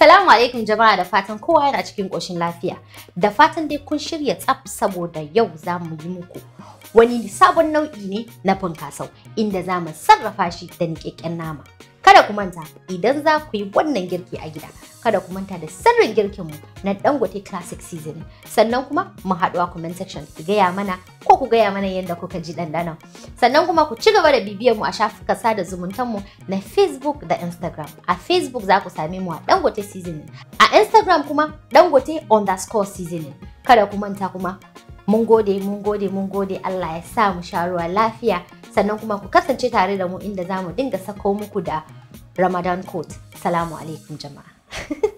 Salamu alaikum jama'a da fatan kowa yana cikin ƙoshin lafiya. Da fatan dai kun shirya tsaf saboda yau za mu yi muku wani sabon nau'i ne na funkasau inda za mu sarrafa shi da niƙaƙƙen nama. kada ku manta idan za ku yi wannan girki a gida kada ku manta da sirrin girkinmu na dangote classic Seasoning, sannan kuma mu haɗu a comment section ku gaya mana ko ku gaya mana yadda kuka ji ɗanɗanon sannan kuma ku ci gaba da bibiyar mu a shafukan sada mu na facebook da instagram a facebook za ku same mu a dangote Seasoning, a instagram kuma dangote underscore Seasoning, kada ku manta kuma mun gode mun gode mun gode allah ya sa mu sha ruwa lafiya sannan kuma ku kasance tare da mu inda za mu dinga sako muku da Ramadan Quote. Assalamualaikum jemaah.